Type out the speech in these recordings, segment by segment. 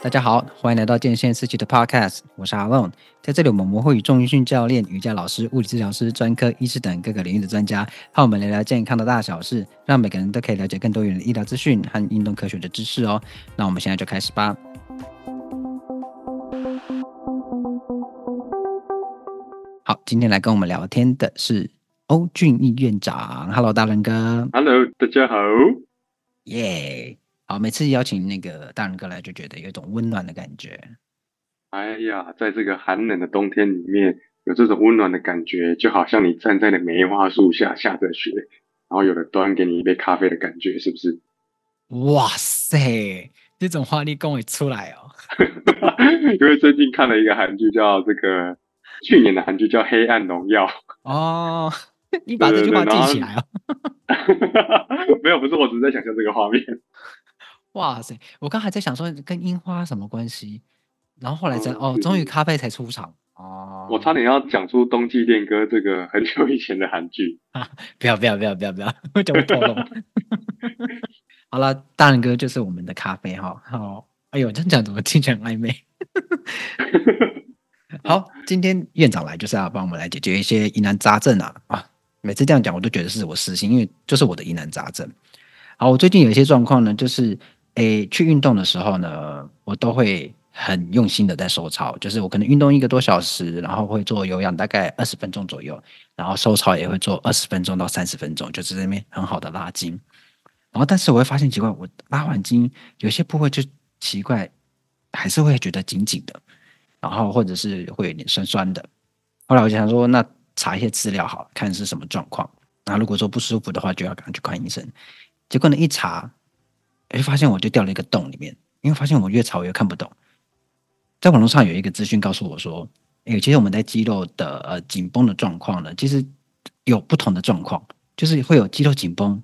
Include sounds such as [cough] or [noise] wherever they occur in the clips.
大家好，歡迎來到《健先思齊》的 Podcast，我是 Alone。在這裡，我們會與重訓教練、瑜伽老師、物理治療師、專科醫師等各個領域的專家，和我們聊聊健康的大小事，讓每個人都可以了解更多元的醫療資訊和運動科學的知識哦。那我們現在就開始吧。好，今天來跟我們聊天的是歐峻邑院長。Hello，大龍哥。Hello，大家好。耶、yeah。好，每次邀請那個大仁哥來，就覺得有一種溫暖的感覺。哎呀，在這個寒冷的冬天裡面，有這種溫暖的感覺，就好像你站在那梅花樹下下着雪，然後有人端給你一杯咖啡的感覺，是不是？哇塞，這種話你講得出來哦。 [laughs] 因為最近看了一個韓劇，叫這個去年的韓劇叫《黑暗榮耀》。哦，你把這句話記起來哦。對對對 [laughs] [laughs] 沒有，不是我，只是在想象這個畫面。哇塞！我剛還在想說跟櫻花什麼關係，然後後來才、啊、哦，終於咖啡才出場啊！我差點要講出《冬季戀歌》這個很久以前的韓劇啊！不要不要不要不要不要！不要不要不要我叫我暴露 [laughs] [laughs] 好了，大仁哥就是我們的咖啡哈！哦，哎呦，這樣講怎麼聽起來很曖昧？ [laughs] 好，今天院長來就是要幫我們來解決一些疑難雜症啊,啊！每次這樣講我都覺得是我私心，因為就是我的疑難雜症。好，我最近有一些狀況呢，就是。誒，去運動的時候呢，我都會很用心的在收操。就是我可能運動一個多小時，然後會做有氧大概二十分鐘左右，然後收操也會做二十分鐘到三十分鐘，就是那邊很好的拉筋。然後，但是我會發現奇怪，我拉完筋有些部位就奇怪，還是會覺得緊緊的，然後或者是會有點酸酸的。後來我就想說，那查一些資料好，好看是什麼狀況。那如果說不舒服的話，就要趕快去看醫生。結果呢，一查。哎、欸，發現我就掉了一個洞裡面，因為發現我越查越看不懂。在網絡上有一個資訊告訴我說，哎、欸，其實我們在肌肉的呃緊繃的狀況呢，其實有不同的狀況，就是會有肌肉緊繃、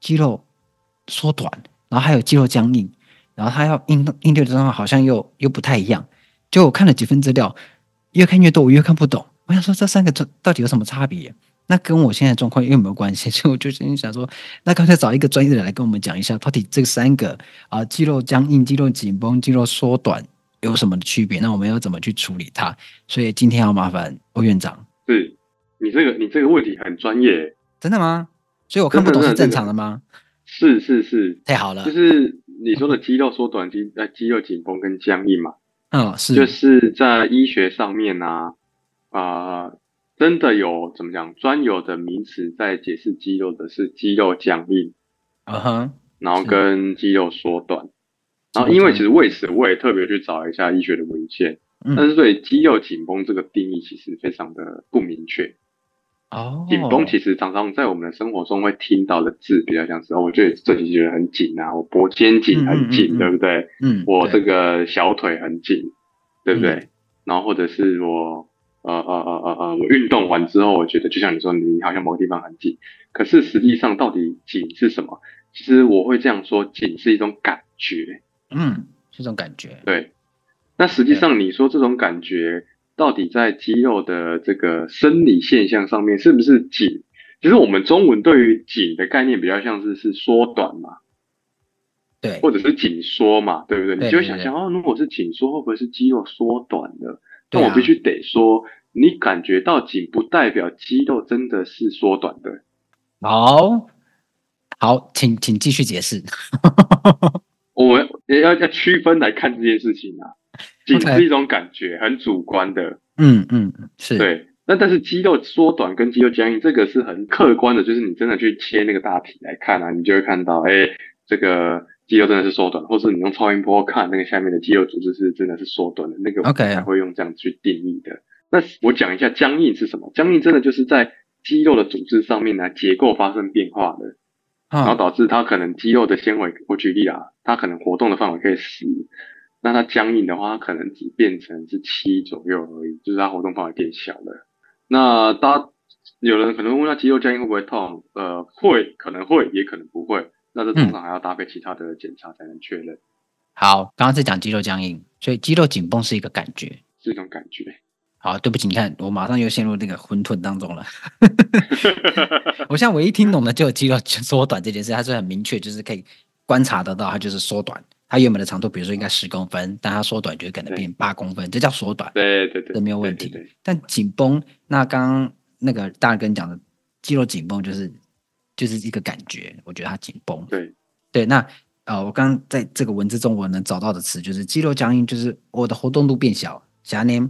肌肉縮短，然後還有肌肉僵硬，然後他要應應對的狀況好像又又不太一樣。就我看了幾份資料，越看越多，我越看不懂。我想說，這三個到底有什麼差別？那跟我現在狀況有沒有關係？所以我就今天想說，那剛才找一個專業的人來跟我們講一下，到底這三個啊、呃，肌肉僵硬、肌肉緊繃、肌肉縮短有什麼區別？那我們要怎麼去處理它？所以今天要麻煩歐院長。是，你這個你這個問題很專業。真的嗎？所以我看不懂是正常嗎的嗎、這個？是是是，太好了。就是你說的肌肉縮短、肌肌肉緊繃跟僵硬嘛，嗯，是，就是在醫學上面啊。真的有，怎麼講，專有的名詞在解釋肌肉的是肌肉僵硬，哼、uh -huh.，然後跟肌肉縮短，uh -huh. 然後因為其實為此我也特別去找一下醫學的文獻，uh -huh. 但是對肌肉緊繃這個定義其實非常的不明確。哦、uh -huh.，緊繃其實常常在我們的生活中會聽到的字比較像是，哦、我覺得這幾句很緊啊，我脖肩頸很緊，uh -huh. 對不對？嗯、uh -huh.，我這個小腿很緊，對不對？Uh -huh. 然後或者是我。呃呃呃呃啊，我運動完之後，我覺得就像你說，你好像某個地方很緊，可是實際上到底緊是什麼？其實我會這樣說，緊是一種感覺，嗯，是這種感覺。對，那實際上你說這種感覺到底在肌肉的這個生理現象上面是不是緊？其實我們中文對於緊的概念比較像是是縮短嘛，對，或者是緊縮嘛，對不對？對對對對你就想想，哦、啊，如果是緊縮，會不會是肌肉縮短了？但我必須得說，你感覺到緊，不代表肌肉真的是縮短的。好、oh，好，請請繼續解釋。 [laughs] 我們也要要區分來看這件事情啊，緊是一種感覺，okay. 很主觀的。嗯嗯，是對。那但是肌肉縮短跟肌肉僵硬，這個是很客觀的，就是你真的去切那個大體來看啊，你就會看到，誒、欸這個肌肉真的是縮短，或是你用超音波看那個下面的肌肉組織是真的是縮短的，那個我才會用這樣去定義的。Okay. 那我講一下僵硬是什麼？僵硬真的就是在肌肉的組織上面呢，結構發生變化的，oh. 然後導致它可能肌肉的纖維，我舉例啊，它可能活動的範圍可以十，那它僵硬的話，它可能只變成是七左右而已，就是它活動範圍變小了。那大家有人可能會問，那肌肉僵硬會不會痛？呃，會，可能會，也可能不會。那這通常還要搭配其他的檢查才能確認。嗯，好，剛剛是講肌肉僵硬，所以肌肉緊繃是一個感覺，是一種感覺。好，對不起，你看我馬上又陷入那個混沌當中了。 [laughs] [laughs] [laughs] [laughs] 我現在唯一聽懂的，就有肌肉縮短這件事，它是很明確，就是可以觀察得到，它就是縮短。它原本的長度，比如說應該十公分，但它縮短，就會可能變八公分，這叫縮短。對對對，這沒有問題。對對對對，但緊繃，那剛剛那個大根講的肌肉緊繃，就是。就是一個感覺，我覺得它緊繃。對對，那呃，我剛剛在這個文字中我能找到的詞就是肌肉僵硬，就是我的活動度變小。小林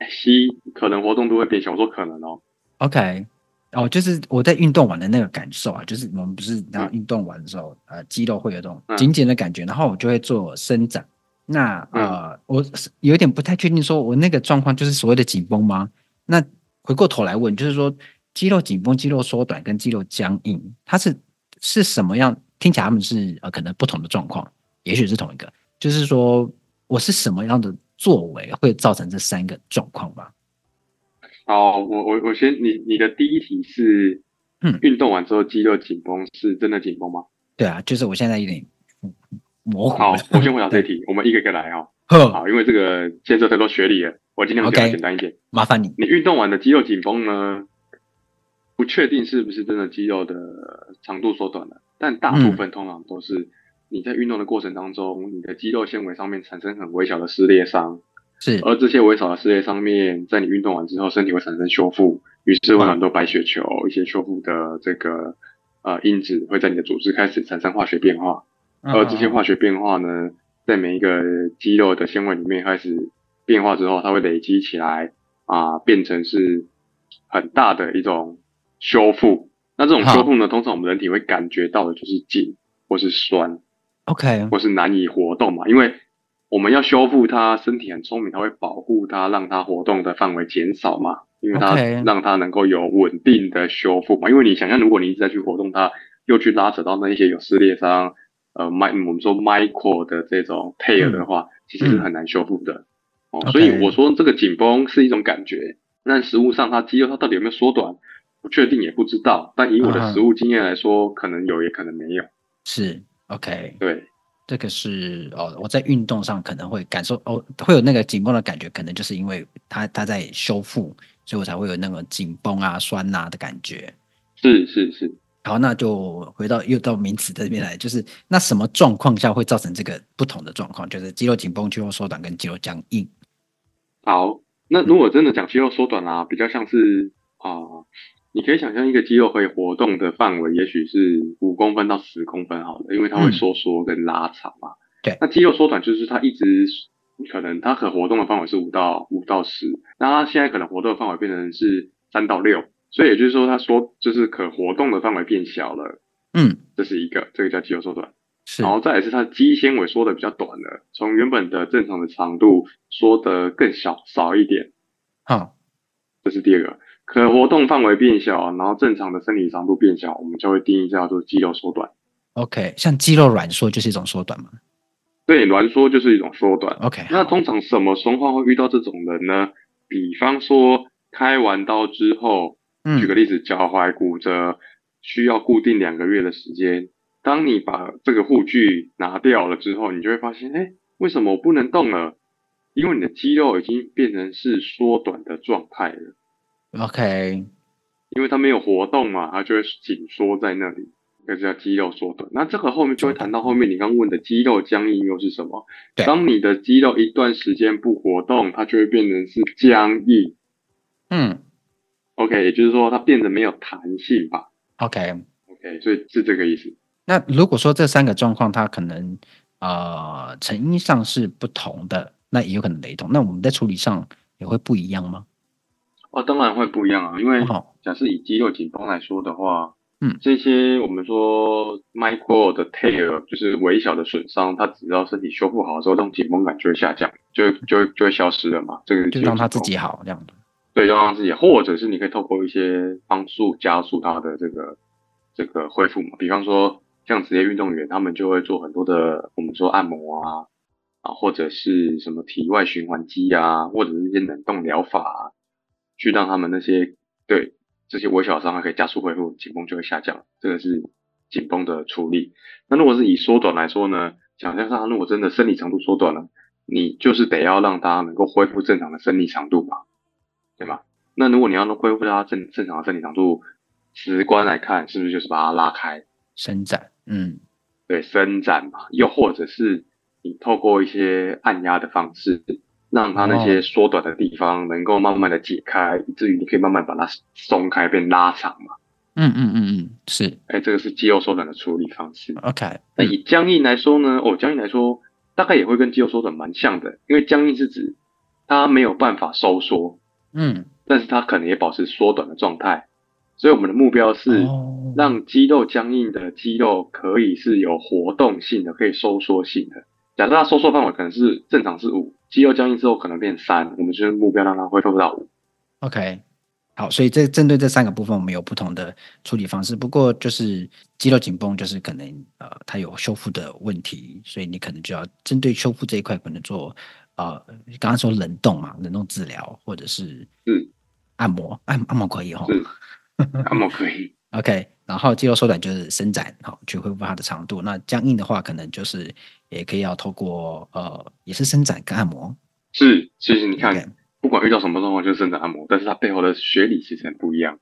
，c 可能活動度會變小，我說可能哦。OK，哦，就是我在運動完的那個感受啊，就是我們不是然後運動完的時候，嗯、呃，肌肉會有種緊緊的感覺、嗯，然後我就會做伸展。那呃、嗯，我有點不太確定，說我那個狀況就是所謂的緊繃嗎？那回過頭來問，就是說。肌肉緊繃、肌肉縮短跟肌肉僵硬，它是是什麼樣？聽起來他們是呃，可能不同的狀況，也許是同一個。就是說我是什麼樣的作為會造成這三個狀況吧？哦，我我我先，你你的第一題是，運動完之後肌肉緊繃是真的緊繃嗎？嗯，對啊，就是我現在有點模糊了。好，我先回答這一題，我們一個一個來哦。 [laughs] 好，因為這個建說太多學理了，我今天會比較簡單一點，okay, 麻煩你。你運動完的肌肉緊繃呢？不確定是不是真的肌肉的長度縮短了，但大部分通常都是你在運動的過程當中，嗯、你的肌肉纖維上面產生很微小的撕裂傷，是。而這些微小的撕裂上面，在你運動完之後，身體會產生修復，於是會很多白血球，嗯、一些修復的這個呃因子會在你的組織開始產生化學變化，啊、而這些化學變化呢，在每一個肌肉的纖維裡面開始變化之後，它會累積起來啊、呃，變成是很大的一種。修復，那這種修復呢，通常我們人體會感覺到的就是緊或是酸，OK，或是難以活動嘛。因為我們要修復它，身體很聰明，它會保護它，讓它活動的範圍減少嘛。因為它、okay、讓它能夠有穩定的修復嘛。因為你想象如果你一直在去活動它，又去拉扯到那一些有撕裂傷，呃，my 我們說 micro 的這種 tear 的話，嗯，其實是很難修復的。嗯、哦、okay，所以我說這個緊繃是一種感覺，那實務上它肌肉它到底有沒有縮短？我確定也不知道，但以我的實務經驗來說、嗯，可能有也可能沒有。是 OK，對，這個是哦，我在運動上可能會感受，哦，會有那個緊繃的感覺，可能就是因為它它在修復，所以我才會有那個緊繃啊、酸啊的感覺。是是是，好，那就回到又到名詞這邊來，就是那什麼狀況下會造成這個不同的狀況，就是肌肉緊繃、肌肉縮短跟肌肉僵硬。好，那如果真的講肌肉縮短啦、啊嗯，比較像是啊。呃你可以想象一個肌肉可以活動的範圍，也許是五公分到十公分好了，因為它會收縮、縮跟拉長嘛。對、嗯，那肌肉縮短就是它一直可能它可活動的範圍是五到五到十，那它現在可能活動的範圍變成是三到六，所以也就是說它縮，就是可活動的範圍變小了。嗯，這是一個，這個叫肌肉縮短。是，然後再來是它肌纖維縮得比較短了，從原本的正常的長度縮得更小少一點。好、嗯，這是第二個。可活動範圍變小，然後正常的生理長度變小，我們就會定義叫做肌肉縮短。OK，像肌肉軟縮就是一種縮短嗎？對，軟縮就是一種縮短。OK，那通常什麼情況會遇到這種人呢 okay,？比方說開完刀之後，嗯、舉個例子，腳踝骨折需要固定兩個月的時間。當你把這個護具拿掉了之後，你就會發現，哎、欸，為什麼我不能動了？因為你的肌肉已經變成是縮短的狀態了。OK，因為它沒有活動嘛，它就會緊縮在那裡，那就叫肌肉縮短。那這個後面就會談到，後面你剛問的肌肉僵硬又是什麼？對。當你的肌肉一段時間不活動，它就會變成是僵硬。嗯，OK，也就是說它變得沒有彈性吧？OK，OK，okay, okay, 所以是這個意思。那如果說這三個狀況它可能呃成因上是不同的，那也有可能雷同，那我們在處理上也會不一樣嗎？啊、哦，當然會不一樣啊，因為假設以肌肉緊繃來說的話、哦，嗯，這些我們說 micro 的 tear 就是微小的損傷，它只要身體修復好的時候，這種緊繃感就會下降，就就就會消失了嘛。這個就讓它自己好，這樣子。對，讓它自己，或者是你可以透過一些幫助加速它的這個這個恢復嘛，比方說像職業運動員，他們就會做很多的我們說按摩啊啊，或者是什麼體外循環機啊，或者是一些冷凍療法啊。啊去讓他們那些對這些微小的傷害可以加速恢復，緊繃就會下降。這個是緊繃的處理。那如果是以縮短來說呢？想象上，如果真的生理長度縮短了，你就是得要讓它能夠恢復正常的生理長度吧？對吧？那如果你要能恢復到它正正常的生理長度，直觀來看，是不是就是把它拉開、伸展？嗯，對，伸展嘛，又或者是你透過一些按壓的方式。讓它那些縮短的地方能夠慢慢的解開，oh. 以至於你可以慢慢把它鬆開變拉長嘛。嗯嗯嗯嗯，是。哎，這個是肌肉縮短的處理方式。OK。那以僵硬來說呢？哦，僵硬來說大概也會跟肌肉縮短蠻像的，因為僵硬是指它沒有辦法收縮。嗯。但是它可能也保持縮短的狀態。所以我們的目標是讓肌肉僵硬的肌肉可以是有活動性的，可以收縮性的。假設它收縮範圍可能是正常是五。肌肉僵硬之後可能變三，我們就是目標讓它恢復到五。OK，好，所以這針對這三個部分，我們有不同的處理方式。不過就是肌肉緊繃，就是可能呃它有修復的問題，所以你可能就要針對修復這一塊，可能做呃，你剛剛說冷凍嘛，冷凍治療或者是嗯按摩，嗯、按按摩可以哦、嗯，按摩可以。 [laughs] OK，然後肌肉縮短就是伸展，好去恢復它的長度。那僵硬的話，可能就是也可以要透過呃，也是伸展跟按摩。是，其實你看看，okay. 不管遇到什麼狀況，就是伸展、按摩，但是它背後的學理其實很不一樣。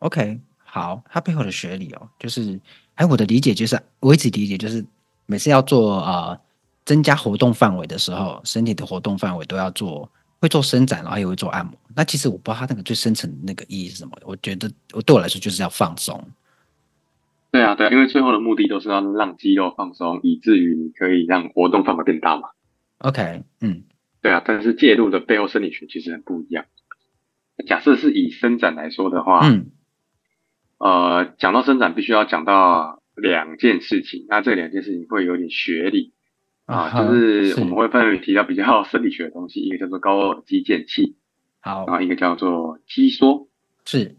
OK，好，它背後的學理哦，就是哎，還我的理解就是我一直理解就是每次要做呃增加活動範圍的時候，身體的活動範圍都要做。會做伸展，然後也會做按摩。那其實我不知道他那個最深層的那個意義是什麼。我覺得我對我來說就是要放鬆。對啊，對啊，因為最後的目的都是要讓肌肉放鬆，以至於你可以讓活動範圍更大嘛。OK，嗯，對啊。但是介入的背後生理學其實很不一樣。假設是以伸展來說的話，嗯、呃，講到伸展必須要講到兩件事情。那這兩件事情會有點學理。啊，就是我們會分為提到比較生理學的東西，一個叫做高爾基腱器，好，然後一個叫做肌梭，是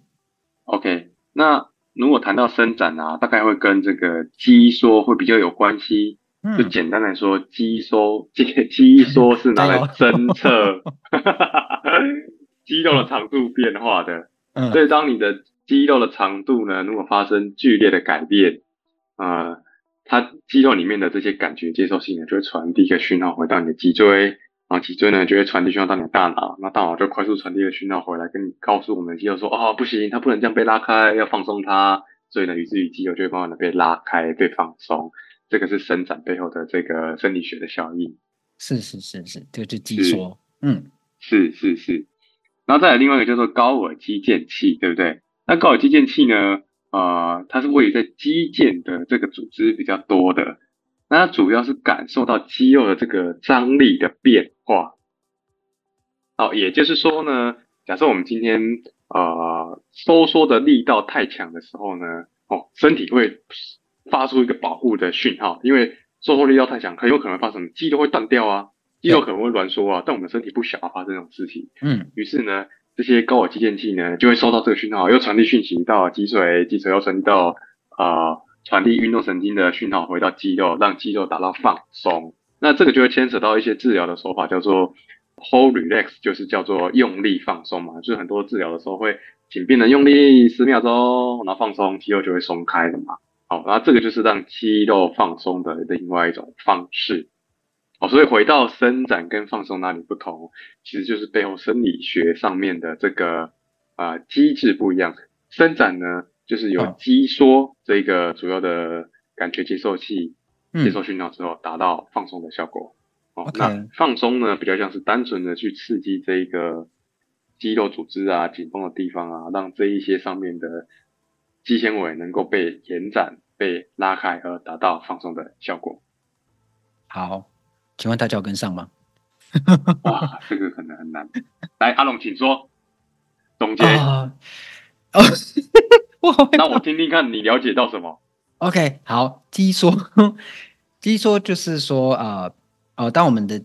，OK，那如果談到伸展啊，大概會跟這個肌梭會比較有關係，嗯、就簡單來說，肌梭肌肌梭是拿來偵測 [laughs] [laughs] 肌肉的長度變化的、嗯，所以當你的肌肉的長度呢，如果發生劇烈的改變，啊、呃。它肌肉裡面的這些感覺接受性呢，就會傳遞一個訊號回到你的脊椎，然後脊椎呢就會傳遞訊號到你的大腦，那大腦就快速傳遞一個訊號回來，跟你告訴我們的肌肉說，哦，不行，它不能這樣被拉開，要放鬆它。所以呢，於之於肌肉就會慢慢的被拉開，被放鬆。這個是伸展背後的這個生理學的效應。是是是是，這個是肌梭嗯，是是是。然後再有另外一個叫做高爾基腱器，對不對？那高爾基腱器呢？啊、呃，它是位於在肌腱的這個組織比較多的，那它主要是感受到肌肉的這個張力的變化。好、哦，也就是說呢，假設我們今天呃收縮的力道太強的時候呢，哦，身體會發出一個保護的訊號，因為收縮力道太強，很有可能發生肌肉會斷掉啊，肌肉可能會攣縮啊，但我們身體不想要發生這種事情，嗯，於是呢。這些高爾肌腱器呢，就會收到這個訊號，又傳遞訊息到脊髓，脊髓又傳遞到啊、呃，傳遞運動神經的訊號回到肌肉，讓肌肉達到放鬆。那這個就會牽扯到一些治療的手法，叫做 hold relax，就是叫做用力放鬆嘛。就是很多治療的時候會請病人用力十秒鐘，然後放鬆，肌肉就會鬆開了嘛。好，然後這個就是讓肌肉放鬆的另外一種方式。哦，所以回到伸展跟放鬆那裡不同，其實就是背後生理學上面的這個啊、呃、機制不一樣。伸展呢，就是由肌梭這個主要的感覺接受器，接受訊號之後達到放鬆的效果。嗯、哦，Okay. 那放鬆呢，比較像是單純的去刺激這個肌肉組織啊，緊繃的地方啊，讓這一些上面的肌纖維能夠被延展、被拉開，而達到放鬆的效果。好。請問大家有跟上嗎？哇，這個很難很難。來，阿龍，請說總結。哦、uh, oh, [laughs] 那我聽聽看，你了解到什麼？OK，好，肌縮。肌縮就是說，呃，呃，當我們的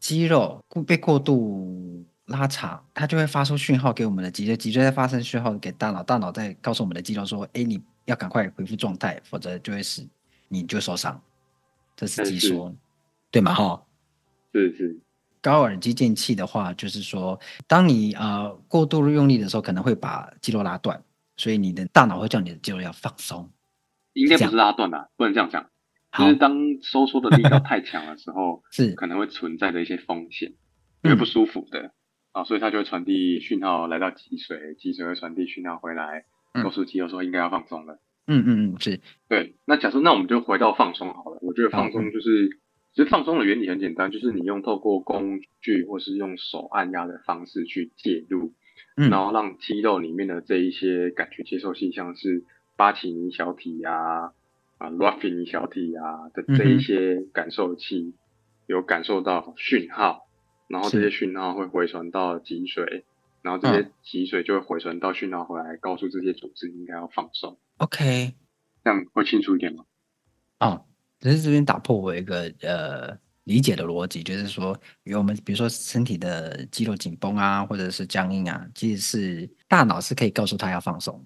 肌肉被過度拉長，它就會發出訊號給我們的脊椎，脊椎在發生訊號給大腦，大腦在告訴我們的肌肉說：“哎、欸，你要趕快恢復狀態，否則就會死，你就受傷。”這是肌縮。對嘛？哈，是。是。高爾基腱器的話，就是說，當你呃過度用力的時候，可能會把肌肉拉斷，所以你的大腦會叫你的肌肉要放鬆。應該不是拉斷吧、啊？不能這樣講。因為當收縮的力道太強的時候， [laughs] 是可能會存在着一些風險，因為不舒服的、嗯、啊，所以它就會傳遞訊號來到脊髓，脊髓會傳遞訊號回來，告、嗯、訴肌肉說應該要放鬆了。嗯嗯嗯，是。對，那假設那我們就回到放鬆好了。好，我覺得放鬆就是。其實放鬆的原理很簡單，就是你用透過工具或是用手按壓的方式去介入，嗯、然後讓肌肉裡面的這一些感覺接受器，像是巴奇尼小體呀、啊、啊羅菲尼小體呀、啊、的這一些感受器、嗯，有感受到訊號，然後這些訊號會回傳到脊髓，然後這些脊髓就會回傳到訊號回來、嗯，告訴這些組織應該要放鬆。OK，這樣會清楚一點嗎？啊、oh.。只是這邊打破我一個呃理解的邏輯，就是說，因為我們比如說身體的肌肉緊繃啊，或者是僵硬啊，其實是大腦是可以告訴他要放鬆，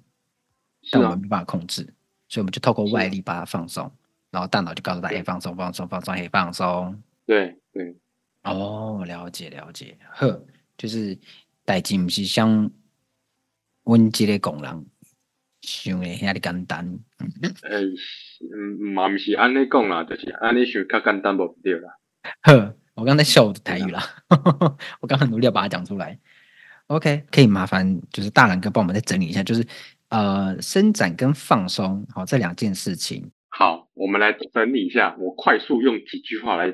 但我們沒辦法控制，所以我們就透過外力把它放鬆，然後大腦就告訴他，哎，放鬆，放鬆，放鬆，可以放鬆。對對，哦，了解了解，呵，就是代誌不是像溫機的功能想誒，遐簡單。嘛、嗯欸嗯、唔是安尼講啦，就是安尼想較簡單，不對啦。呵，我剛才笑我的台語啦， [laughs] 我剛才很努力要把它講出來。OK，可以麻煩就是大蘭哥幫我們再整理一下，就是呃伸展跟放鬆，好這兩件事情。好，我們來整理一下，我快速用幾句話來，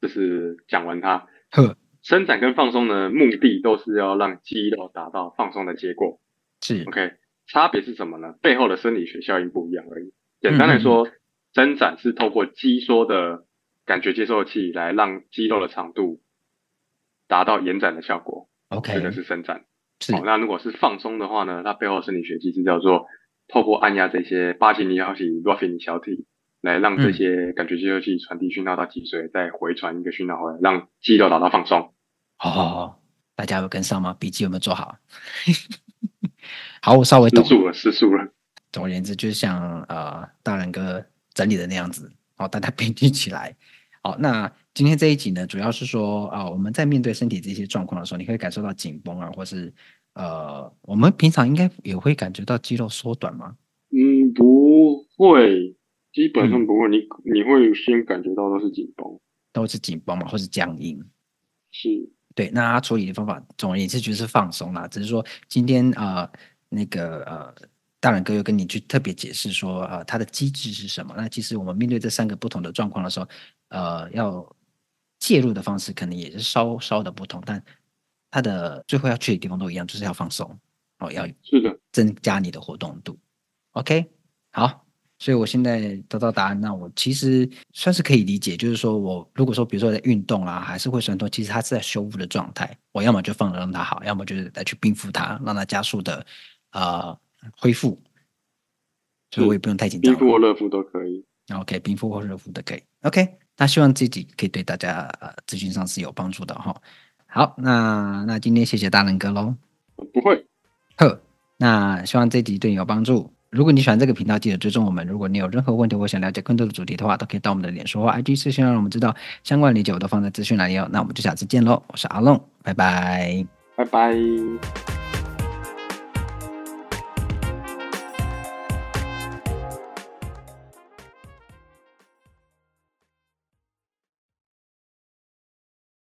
就是講完它。呵，伸展跟放鬆的目的都是要讓肌肉達到放鬆的結果。是，OK。差別是什麼呢？背後的生理學效應不一樣而已。簡單來說，嗯、伸展是透過肌梭的感覺接受器來讓肌肉的長度達到延展的效果。OK，這個是伸展。好、哦，那如果是放鬆的話呢？它背後生理學機制叫做透過按壓這些巴金尼小體、羅菲尼小體來讓這些感覺接受器傳遞訊號到脊髓，嗯、再回傳一個訊號回來，讓肌肉達到放鬆。好好好，大家有跟上嗎？筆記有沒有做好？ [laughs] 好，我稍微懂失速了，失速了。總而言之，就像呃，大仁哥整理的那樣子，哦，大家平靜起來，好。那今天這一集呢，主要是說啊、呃，我們在面對身體這些狀況的時候，你可以感受到緊繃啊，或是呃，我們平常應該也會感覺到肌肉縮短嗎？嗯，不會，基本上不會。嗯、你你會先感覺到都是緊繃，都是緊繃嘛，或是僵硬。是，對。那他處理的方法，總而言之就是放鬆啦。只是說今天啊。呃那個呃，大然哥又跟你去特別解釋說呃，他的機制是什麼？那其實我們面對這三個不同的狀況的時候，呃，要介入的方式可能也是稍稍的不同，但他的最後要去的地方都一樣，就是要放鬆哦，要是的，增加你的活動度。OK，好，所以我現在得到答案，那我其實算是可以理解，就是說我如果說比如說在運動啦、啊，還是會酸痛，其實它是在修復的狀態，我要麼就放着讓它好，要麼就是來去冰敷它，讓它加速的。啊、呃，恢復，所以我也不用太緊張。冰敷或熱敷都可以。OK，冰敷或熱敷都可以。OK，那希望自己可以對大家呃諮詢上是有幫助的哈。好，那那今天謝謝大能哥嘍。不會呵，那希望這集對你有幫助。如果你喜歡這個頻道，記得追蹤我們。如果你有任何問題，我想了解更多的主題的話，都可以到我們的臉書或 IG 私信讓我們知道。相關連結。我都放在資訊欄裡哦。那我們就下次見嘍，我是阿龍，拜拜，拜拜。